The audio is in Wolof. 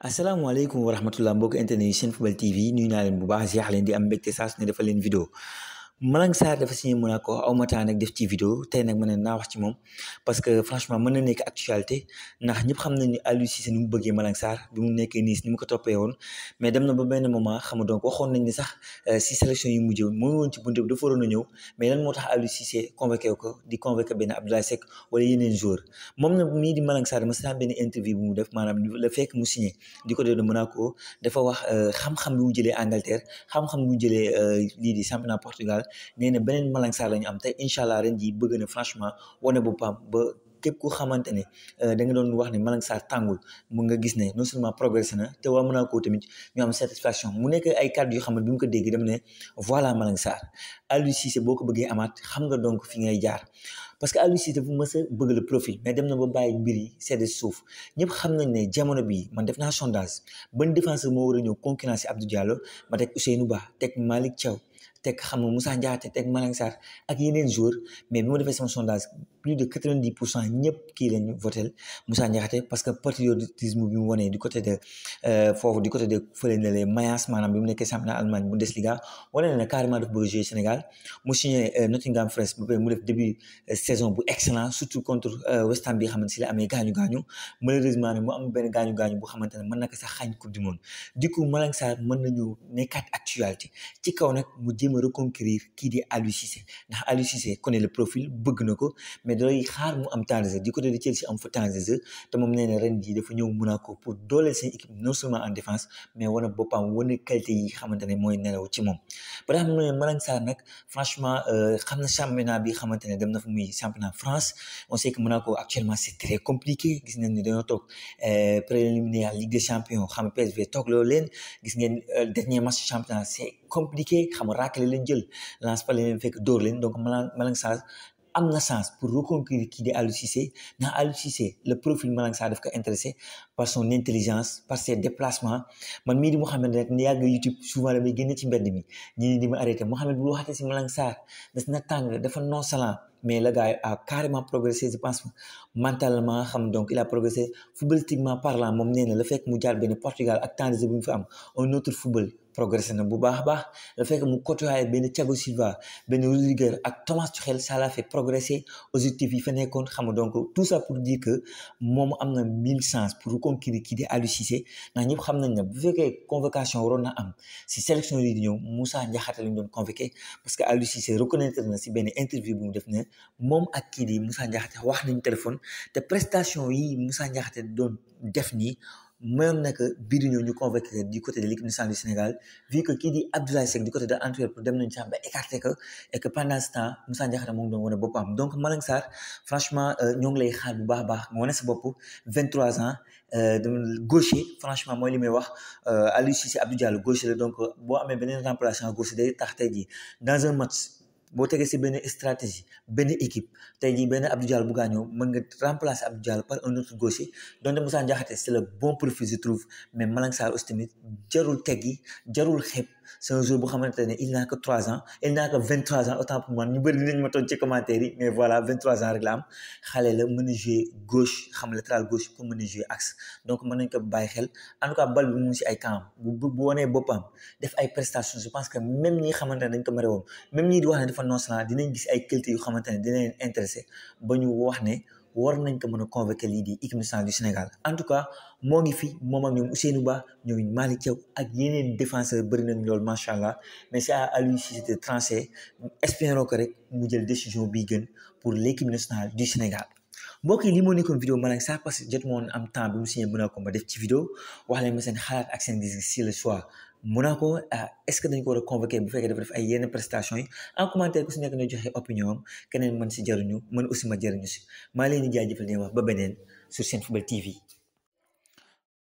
asalaamaaleykum wa rahmatulah mbokk internet yi Senfootball TV nuyu naa leen bu baax jeex leen di am mbégte saa su ne dafa Malang Sarr dafa signé Monaco aw ma temps nag def ci vidéo tey nag ma naa wax ci moom parce que franchement mën na nekk actualité ndax ñëpp xam nañu ni Aliou Cissé ni mu bëggee Malang Sarr bi mu nekkee Nice ni mu ko toppee woon mais dem na ba benn moment xam nga donc waxoon nañ ni sax euh, si sélection yi mujjee mooy woon ci bunt bi dafa waroon a ñëw mais lan moo tax Aliou Cissé convoqué ko di convoqué benn Abdoulaye Seck wala yeneen joueur moom na mii di Malang Sarr ma seetaan benn interview bu mu def maanaam la fekk mu signé di ko def de Monaco dafa wax euh, xam-xam bi mu jëlee Angleterre xam-xam bi mu jëlee euh, lii di championnat Portugal neena beneen malang saar lañu am te inshallah ren ji bëgg na franchement wone bu pam ba képp ku xamante ne eh, da nga doon wax ne malang saar tàngul mun nga gis ne non seulement progressé na te waa mënaa koo tamit ñu am satisfaction mu nekk ay cadre yu xamante bi mu ko déggee dama ne voilà malang saar alu si boo ko bëggee amaat xam nga donc fi ngay jaar parce que Aliou Cissé dafa mës a bëgg le profil mais dem na ba baye mbir yi sedd suuf ñep xam nañ né jamono bi man def na sondage ben défenseur mo wara ñeu ñëw concurrence Abdou Diallo ma tek Ousseynou Ba teg Malick Thiaw teg xam nga Moussa Ndiaté tek Malang Sarr ak yeneen joueurs mais bi ma defé sama sondage plus de 90% ñep ki lañ votel Moussa Ndiaté parce que patriotisme bi mu wanee du côté de euh, fofu du côté de fële na lee Mayence maanaam bi mu nekkee championnat Allemagne Bundesliga wane na carrément dafa bëgg jouer Sénégal mu signé euh, Nottingham Forest ba mu def début euh, saison bu excellent surtout contre euh, West Ham bi nga xamante si la amee gaañu gaañu malheureusement ne mu am benn gaañu gaañu bu xamante ne mën na ko sax xañ coupe du monde du coup Malang Sarr mën nañu nekkaat actualité ci kaw nag mu jéem a reconquérir kii di Aliou Cissé ndax Aliou Cissé connaît le profil bëgg na ko mais dalay xaar mu am temps de jeu du côté de Chelsea am fa temps de jeu te moom nee na ren jii dafa ñëw Monaco pour dooleel seen équipe non seulement en défense mais wane boppam wane qualité yi xamante ne mooy nelaw ci moom ba tax mu ne Malang Sarr nag franchement euh, xam na championnat bi xamante ne dem na fa muy championnat France on sait que Monaco actuellement c'est très compliqué gis ngeen ni tok euh, préliminaire Ligue des champions xam PSV tok lo len gis ngeen euh, dernier match championnat c'est compliqué xam nga len leen jël lance pas leen fekk dóor len donc Malang ça am na sens, pour reconquérir qui est Aliou Cissé le profil Malang Sarr daf ko intéressé par son intelligence par ses déplacements man mii di Mouhamed rek sur YouTube souvent damay génn ci mi ñi ni di ma arrêté Mohamed bu venu si Malang Sarr na tàng dafa nonchalant mais le gars a carrément progressé je pense mentalement donc il a progressé footballistiquement parlant là. fait que le mu Portugal ak des de femmes un autre football progressé na bu baax baax le fait que mu côtoyé benn Thiago Silva benn Rudiger ak Thomas Tuchel ça l'a fait progresser objectif yi fa nekkoon xam donc tout ça pour dire que moom am na mille sens pour conquérir kii di Aliou Cissé ndax ñëpp xam nañ ne bu fekkee convocation waroon na am si sélection yi di ñëw Moussa Ndiakhate lañ doon convoqué parce que Aliou Cissé reconnaître na si benn interview bu mu def ne moom ak kii di Moussa Ndiakhate wax nañ téléphone te prestation yi Moussa Ndiakhate doon def nii mayoon na que bii ñu convaincre du côté de l'équipe nationale du Sénégal vu que qui di Abdoulaye Seck du côté de Antwerp dem nañu sax ba écarté que et que pendant ce temps Moussa Diakhaté moom doon wone bopam donc Malang Sar franchement euh, ñoo ngi lay xaar bu baax baax nga wone sa bop 23 ans euh, gaucher franchement moi limay wax euh Aliou Cissé Abdou Diallo gaucher donc euh, bo amé benen remplaçant gaucher day tax tey jii dans un match. boo tegee si benn stratégie benn équipe tey jii benn Abdou Diallo bu mën nga remplacer Abdou Diallo par un autre gaucher donte Moussa Ndiakhate c'est le bon profil je trouve mais Malang Sarr aussi tamit jarul teggi jarul xeeb c'est un jour boo xamante il n'a que 3 ans il n'a que 23 ans autant pour moi ñu bëri dinañ ma ton ci commentaire yi mais voilà 23 ans rek la am xale la mën jouer gauche xam latéral gauche pour mën jouer axe donc mën ko bay xel en tout cas bal bi mu ci ay camp bu woné bopam def ay prestations je pense que même ñi xamante dañ ko mere woon même ñi di wax né dafa nonchalant dinañ gis ay qualité yu xamante ne dinañ intéressé bañu wax né war nañ ko mën a convoquer lii di équipe nationale du Sénégal en tout cas moo ngi fi moom ak ñoom Ousseynou Ba ñoom Malick Thiaw ak yeneen défenseur bëri nañ lool macha allah mais c'est à lui si c'était tranché espérons que rek mu jël décision bi gën pour l'équipe nationale du Sénégal. mbokk yi lii moo nekkoon vidéo ma nag sax parce que jot moon am temps bi mu signé Monaco ma def ci vidéo wax leen ma seen xalaat ak seen gis-gis si le choix Monaco ah, est-ce que dañ ko a convoquer bu fekkee dafa def ay yenn prestations en commentaire ku si nekk ne joxe opinion keneen man si jaruñu man aussi ma jaruñu si maa leen di jaajëfal ne wax ba beneen sur Senfootball TV